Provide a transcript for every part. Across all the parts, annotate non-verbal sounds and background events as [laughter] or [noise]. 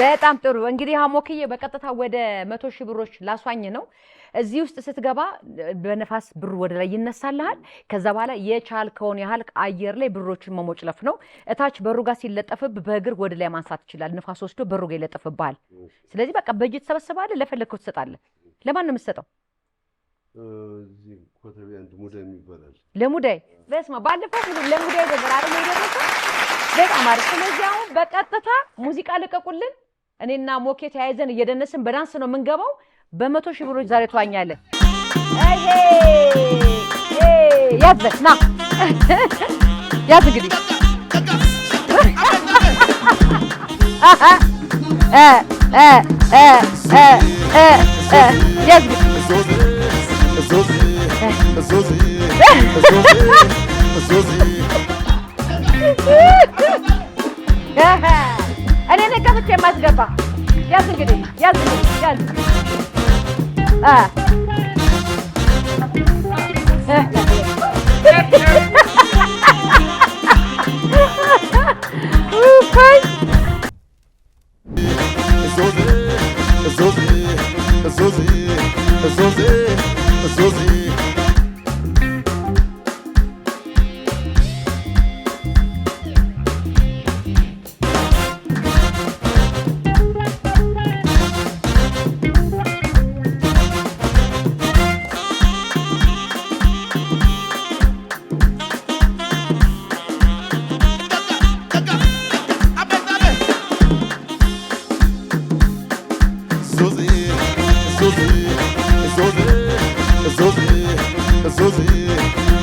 በጣም ጥሩ እንግዲህ ሀሞክዬ በቀጥታ ወደ መቶ ሺህ ብሮች ላሷኝ ነው። እዚህ ውስጥ ስትገባ በነፋስ ብር ወደ ላይ ይነሳልሃል። ከዛ በኋላ የቻልከውን ያህል አየር ላይ ብሮችን መሞጭለፍ ነው። እታች በሩ ጋር ሲለጠፍብ በእግር ወደ ላይ ማንሳት ይችላል። ንፋስ ወስዶ በሩ ጋር ይለጠፍብሃል። ስለዚህ በቃ በእጅ ትሰበስባለህ፣ ለፈለግከው ትሰጣለህ። ለማን ነው የምትሰጠው? ለሙዳይ በስማ ባለፈው ለሙዳይ ገበር አለ። በጣም አሪፍ። ስለዚህ አሁን በቀጥታ ሙዚቃ ልቀቁልን። እኔና ሞኬ ተያይዘን እየደነስን በዳንስ ነው የምንገባው። በመቶ ሺህ ብሮች ዛሬ ትዋኛለን። ያዘ ና ያዝ እንግዲህ ያዝ ውስጥ የማትገባ ያዝ እንግዲህ ያዝ ያዝ እ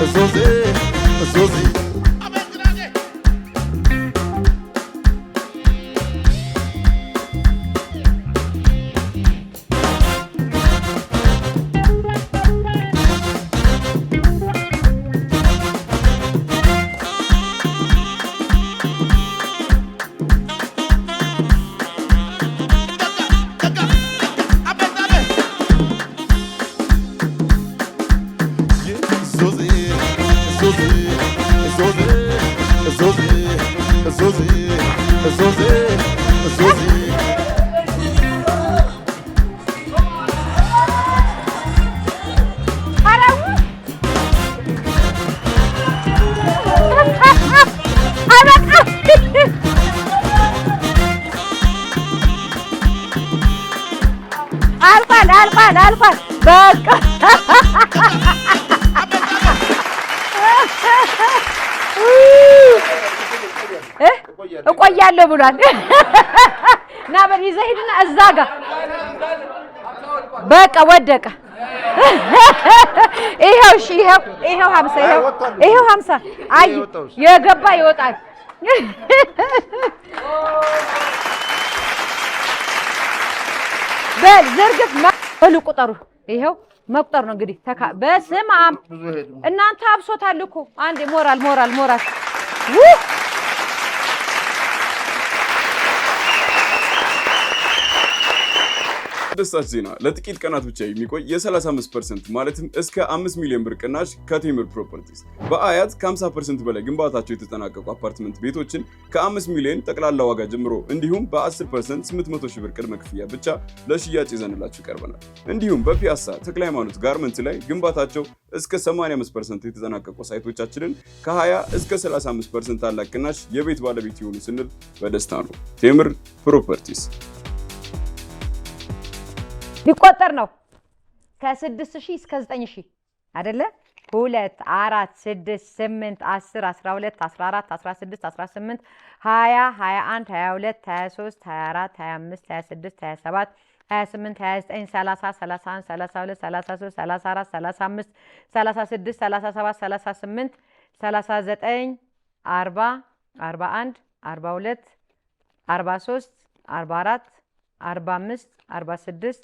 fazer ጠፋል። በቃ [laughs] eh? እቆያለሁ ብሏል። [laughs] ና በል ይዘህ ሂድና እዛ ጋር በቃ ወደቀ። [laughs] ይኸው እሺ፣ ይኸው ይኸው ሀምሳ ይኸው ይኸው ሀምሳ አይ የገባ ይወጣል። በል ዝርግፍ ሉ ቁጠሩ። ይኸው መቁጠር ነው እንግዲህ። ተካ በስመ አብ እናንተ አብሶታል እኮ አንዴ ሞራል ሞራል ሞራል አስደሳች ዜና ለጥቂት ቀናት ብቻ የሚቆይ የ35 ፐርሰንት ማለትም እስከ 5 ሚሊዮን ብር ቅናሽ ከቴምር ፕሮፐርቲስ በአያት ከ50 ፐርሰንት በላይ ግንባታቸው የተጠናቀቁ አፓርትመንት ቤቶችን ከ5 ሚሊዮን ጠቅላላ ዋጋ ጀምሮ እንዲሁም በ10 ፐርሰንት 800 ሺህ ብር ቅድመ ክፍያ ብቻ ለሽያጭ ይዘንላቸው ይቀርበናል እንዲሁም በፒያሳ ተክለ ሃይማኖት ጋርመንት ላይ ግንባታቸው እስከ 85 ፐርሰንት የተጠናቀቁ ሳይቶቻችንን ከ20 እስከ 35 ፐርሰንት ታላቅ ቅናሽ የቤት ባለቤት የሆኑ ስንል በደስታ ነው። ቴምር ፕሮፐርቲስ ሊቆጠር ነው። ከስድስት ሺህ እስከ ዘጠኝ ሺህ አይደለ? ሁለት አራት ስድስት ስምንት አስር አስራ ሁለት አስራ አራት አስራ ስድስት አስራ ስምንት ሀያ ሀያ አንድ ሀያ ሁለት ሀያ ሶስት ሀያ አራት ሀያ አምስት ሀያ ስድስት ሀያ ሰባት ሀያ ስምንት ሀያ ዘጠኝ ሰላሳ ሰላሳ አንድ ሰላሳ ሁለት ሰላሳ ሶስት ሰላሳ አራት ሰላሳ አምስት ሰላሳ ስድስት ሰላሳ ሰባት ሰላሳ ስምንት ሰላሳ ዘጠኝ አርባ አርባ አንድ አርባ ሁለት አርባ ሶስት አርባ አራት አርባ አምስት አርባ ስድስት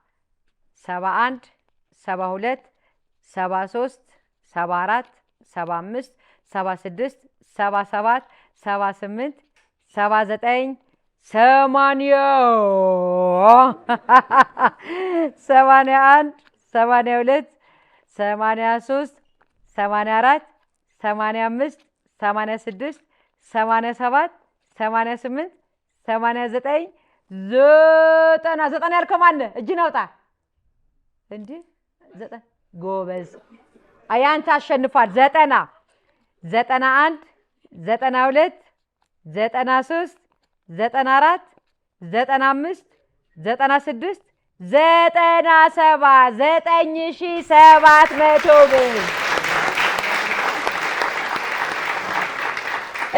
ሰባ አንድ ሰባ ሁለት ሰባ ሶስት ሰባ አራት ሰባ አምስት ሰባ ስድስት ሰባ ሰባት ሰባ ስምንት ሰባ ዘጠኝ ሰማንያ [laughs] ሰማንያ አንድ ሰማንያ ሁለት ሰማንያ ሶስት ሰማንያ አራት ሰማንያ አምስት ሰማንያ ስድስት ሰማንያ ሰባት ሰማንያ ስምንት ሰማንያ ዘጠኝ ዘጠና ዘጠና ያልከው ማነህ? እጅ ነውጣ እንዲህ ዘጠና ጎበዝ አያንተ አሸንፏል። ዘጠና ዘጠና አንድ ዘጠና ሁለት ዘጠና ሶስት ዘጠና አራት ዘጠና አምስት ዘጠና ስድስት ዘጠና ሰባ ዘጠኝ ሺ ሰባት መቶ ብር።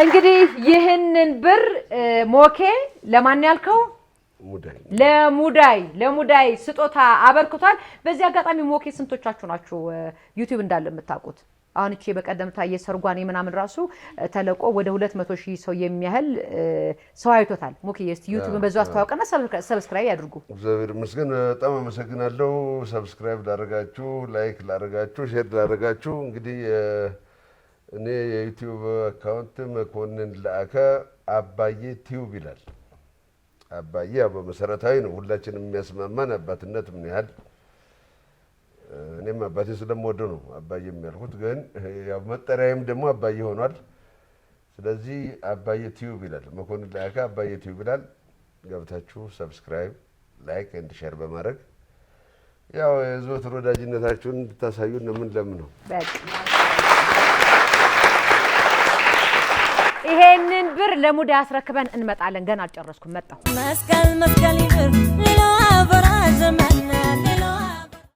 እንግዲህ ይህንን ብር ሞኬ ለማን ያልከው ለሙዳይ ለሙዳይ ስጦታ አበርክቷል። በዚህ አጋጣሚ ሞኬ ስንቶቻችሁ ናችሁ ዩቲዩብ እንዳለ የምታውቁት? አሁን እቺ በቀደምታ የሰርጓኔ ምናምን ራሱ ተለቆ ወደ ሁለት መቶ ሺህ ሰው የሚያህል ሰው አይቶታል። ሞኬ እስኪ ዩቲዩብን በዚሁ ሰብስክራይብ ያድርጉ። እግዚአብሔር ይመስገን፣ በጣም አመሰግናለሁ። ሰብስክራይብ ላደረጋችሁ፣ ላይክ ላደረጋችሁ፣ ሼር ላደረጋችሁ። እንግዲህ እኔ የዩቲዩብ አካውንት መኮንን ለአከ አባዬ ቲዩብ ይላል አባዬ ያው በመሰረታዊ ነው ሁላችንም የሚያስማማን አባትነት ምን ያህል እኔም አባቴ ስለምወደ ነው አባዬ የሚያልኩት፣ ግን ያው መጠሪያዬም ደግሞ አባዬ ሆኗል። ስለዚህ አባዬ ቲዩብ ይላል መኮንን ላያካ አባዬ ቲዩብ ይላል። ገብታችሁ ሰብስክራይብ፣ ላይክ ኤንድ ሼር በማድረግ ያው የዘወትር ወዳጅነታችሁን እንድታሳዩ እንደምን ለምን ነው ለሙዳ ያስረክበን እንመጣለን። ገና አልጨረስኩም። መጣሁ መስቀል መስቀል ይብር ሌላ ብራ ዘመን